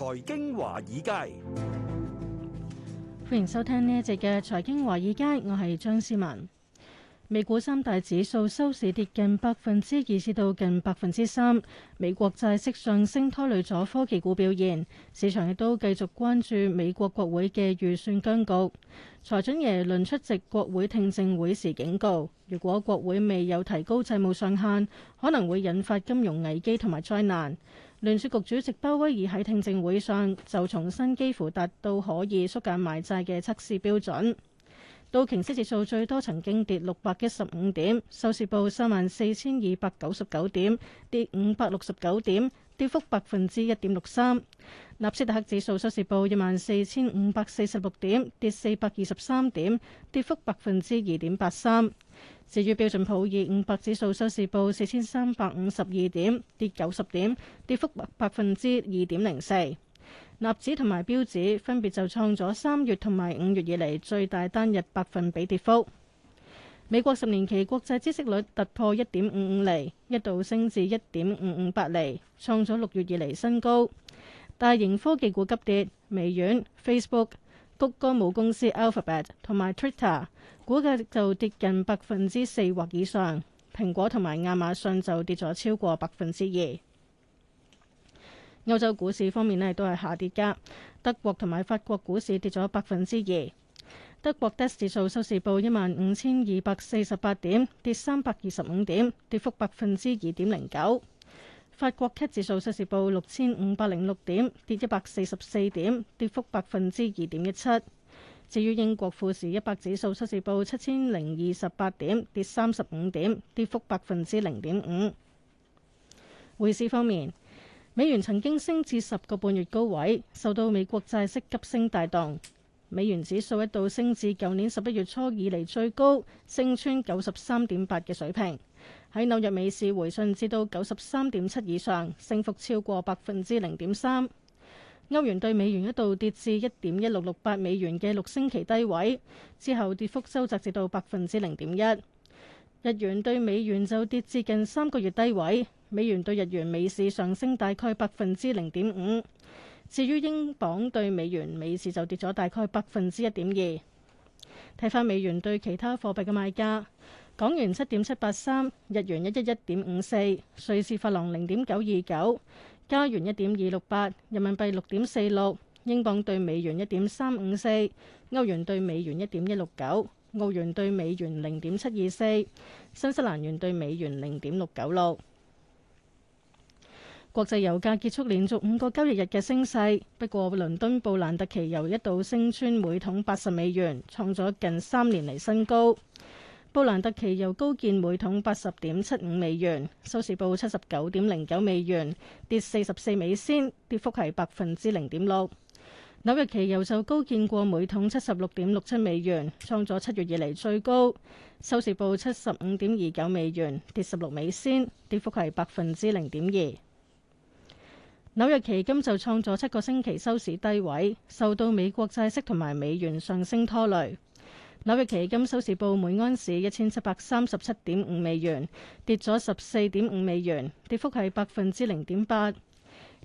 財經華爾街，歡迎收聽呢一集嘅財經華爾街，我係張思文。美股三大指數收市跌近百分之二，至到近百分之三。美國債息上升拖累咗科技股表現，市場亦都繼續關注美國國會嘅預算僵局。財長耶倫出席國會聽證會時警告，如果國會未有提高債務上限，可能會引發金融危機同埋災難。聯儲局主席鮑威爾喺聽證會上就重申幾乎達到可以縮減買債嘅測試標準。道瓊斯指數最多曾經跌六百一十五點，收市報三萬四千二百九十九點，跌五百六十九點，跌幅百分之一點六三。納斯達克指數收市報一萬四千五百四十六點，跌四百二十三點，跌幅百分之二點八三。至於標準普爾五百指數收市報四千三百五十二點，跌九十點，跌幅百分之二點零四。納指同埋標指分別就創咗三月同埋五月以嚟最大單日百分比跌幅。美國十年期國債孳息率突破一點五五厘，一度升至一點五五八厘，創咗六月以嚟新高。大型科技股急跌，微軟、Facebook。谷歌母公司 Alphabet 同埋 Twitter 股價就跌近百分之四或以上，蘋果同埋亞馬遜就跌咗超過百分之二。歐洲股市方面呢，都係下跌家，德國同埋法國股市跌咗百分之二。德國 DAX 指數收市報一萬五千二百四十八點，跌三百二十五點，跌幅百分之二點零九。法國 CAC 指數實時報六千五百零六點，跌一百四十四點，跌幅百分之二點一七。至於英國富時一百指數實時報七千零二十八點，跌三十五點，跌幅百分之零點五。匯市方面，美元曾經升至十個半月高位，受到美國債息急升帶動，美元指數一度升至舊年十一月初以嚟最高，升穿九十三點八嘅水平。喺紐約美市回升至到九十三點七以上，升幅超過百分之零點三。歐元對美元一度跌至一點一六六八美元嘅六星期低位，之後跌幅收窄至到百分之零點一。日元對美元就跌至近三個月低位，美元對日元美市上升大概百分之零點五。至於英鎊對美元美市就跌咗大概百分之一點二。睇返美元對其他貨幣嘅賣價。港元七點七八三，日元一一一點五四，瑞士法郎零點九二九，加元一點二六八，人民幣六點四六，英鎊對美元一點三五四，歐元對美元一點一六九，澳元對美元零點七二四，新西蘭元對美元零點六九六。國際油價結束連續五個交易日嘅升勢，不過倫敦布蘭特期油一度升穿每桶八十美元，創咗近三年嚟新高。布蘭特期油高見每桶八十點七五美元，收市報七十九點零九美元，跌四十四美仙，跌幅係百分之零點六。紐約期油就高見過每桶七十六點六七美元，創咗七月以嚟最高，收市報七十五點二九美元，跌十六美仙，跌幅係百分之零點二。紐約期金就創咗七個星期收市低位，受到美國債息同埋美元上升拖累。紐約期金收市報每安士一千七百三十七點五美元，跌咗十四點五美元，跌幅係百分之零點八。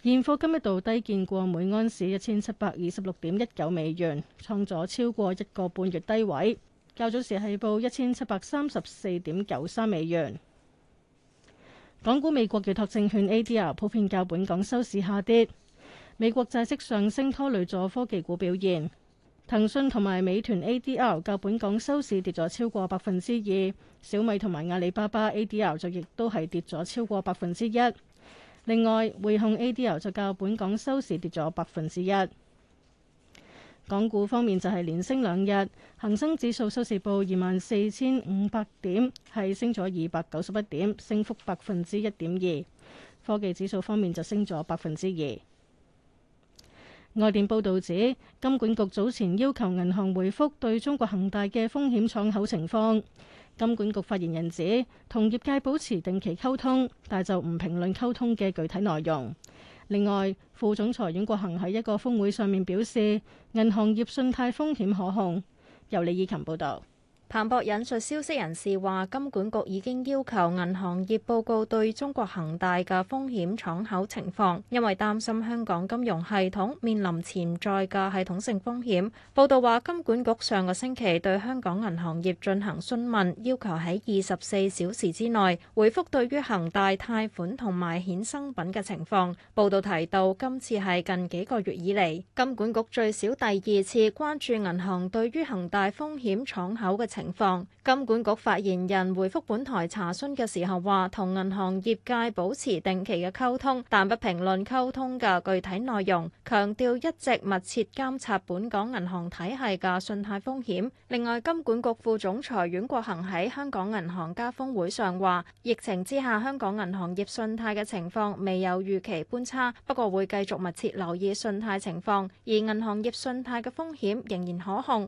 現貨金一度低見過每安士一千七百二十六點一九美元，創咗超過一個半月低位。較早時係報一千七百三十四點九三美元。港股美國預託證券 ADR 普遍較本港收市下跌，美國債息上升拖累咗科技股表現。騰訊同埋美團 ADR 較本港收市跌咗超過百分之二，小米同埋阿里巴巴 ADR 就亦都係跌咗超過百分之一。另外匯控 ADR 就較本港收市跌咗百分之一。港股方面就係連升兩日，恒生指數收市報二萬四千五百點，係升咗二百九十一點，升幅百分之一點二。科技指數方面就升咗百分之二。外電報導指，金管局早前要求銀行回覆對中國恒大嘅風險敞口情況。金管局發言人指，同業界保持定期溝通，但就唔評論溝通嘅具體內容。另外，副總裁阮國恒喺一個峰會上面表示，銀行業信貸風險可控。由李以琴報導。彭博引述消息人士話，金管局已經要求銀行業報告對中國恒大嘅風險敞口情況，因為擔心香港金融系統面臨潛在嘅系統性風險。報道話，金管局上個星期對香港銀行業進行詢問，要求喺二十四小時之內回復對於恒大貸款同埋衍生品嘅情況。報道提到，今次係近幾個月以嚟金管局最少第二次關注銀行對於恒大風險敞口嘅。情況，金管局發言人回覆本台查詢嘅時候話，同銀行業界保持定期嘅溝通，但不評論溝通嘅具體內容，強調一直密切監察本港銀行體系嘅信貸風險。另外，金管局副總裁阮國恒喺香港銀行家峰會上話，疫情之下香港銀行業信貸嘅情況未有預期般差，不過會繼續密切留意信貸情況，而銀行業信貸嘅風險仍然可控。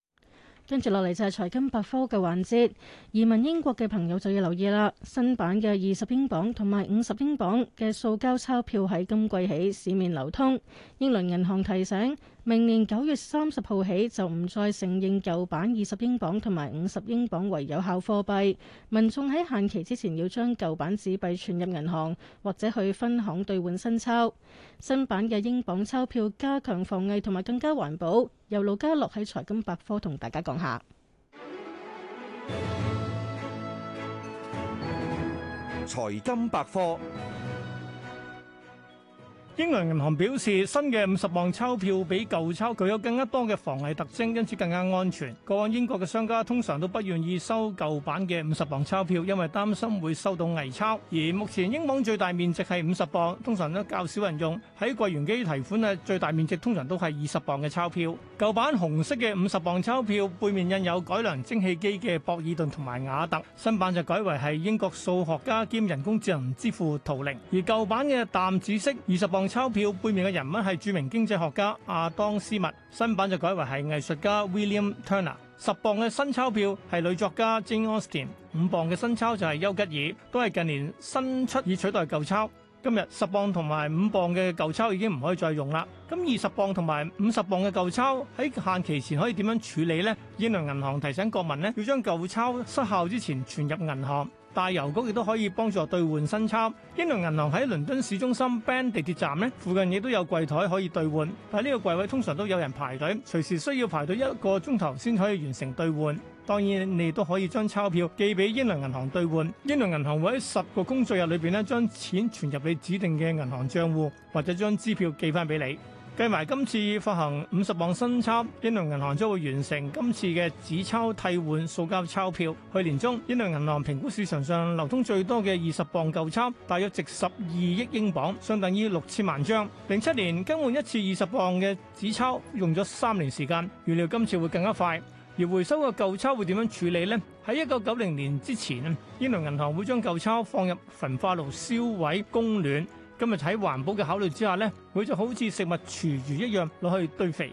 跟住落嚟就係財金百科嘅環節，移民英國嘅朋友就要留意啦。新版嘅二十英鎊同埋五十英鎊嘅塑膠鈔票喺今季起市面流通，英倫銀行提醒，明年九月三十號起就唔再承認舊版二十英鎊同埋五十英鎊為有效貨幣，民眾喺限期之前要將舊版紙幣存入銀行或者去分行兌換新鈔。新版嘅英鎊鈔票加強防偽同埋更加環保。由盧家樂喺財金百科同大家講下。財金百科。英格蘭銀行表示，新嘅五十磅鈔票比舊鈔具有更加多嘅防偽特徵，因此更加安全。過往英國嘅商家通常都不願意收舊版嘅五十磅鈔票，因為擔心會收到偽鈔。而目前英鎊最大面值係五十磅，通常都較少人用。喺櫃員機提款呢，最大面值通常都係二十磅嘅鈔票。舊版紅色嘅五十磅鈔票背面印有改良蒸汽機嘅博爾頓同埋瓦特，新版就改為係英國數學家兼人工智能之父圖靈。而舊版嘅淡紫色二十磅鈔票背面嘅人物係著名經濟學家阿當斯密，新版就改為係藝術家 William Turner。十磅嘅新鈔票係女作家 Jane Austen，五磅嘅新鈔就係丘吉爾，都係近年新出已取代舊鈔。今日十磅同埋五磅嘅舊鈔已經唔可以再用啦。咁二十磅同埋五十磅嘅舊鈔喺限期前可以點樣處理呢？英倫銀行提醒國民呢，要將舊鈔失效之前存入銀行。大郵局亦都可以幫助兌換新鈔。英倫銀行喺倫敦市中心 Bank 地鐵站咧附近，亦都有櫃台可以兌換，但係呢個櫃位通常都有人排隊，隨時需要排隊一個鐘頭先可以完成兌換。當然，你都可以將鈔票寄俾英倫銀行兌換。英倫銀行會喺十個工作日裏邊咧將錢存入你指定嘅銀行帳戶，或者將支票寄翻俾你。計埋今次發行五十磅新鈔，英倫銀行將會完成今次嘅紙鈔替換塑膠鈔票。去年中，英倫銀行評估市場上流通最多嘅二十磅舊鈔，大約值十二億英鎊，相等於六千萬張。零七年更換一次二十磅嘅紙鈔，用咗三年時間，預料今次會更加快。而回收嘅舊鈔會點樣處理呢？喺一九九零年之前，英倫銀行會將舊鈔放入焚化爐燒毀供暖。今日喺環保嘅考慮之下咧，佢就好似食物廚餘一樣攞去堆肥。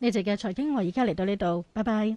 你哋嘅財經我而家嚟到呢度，拜拜。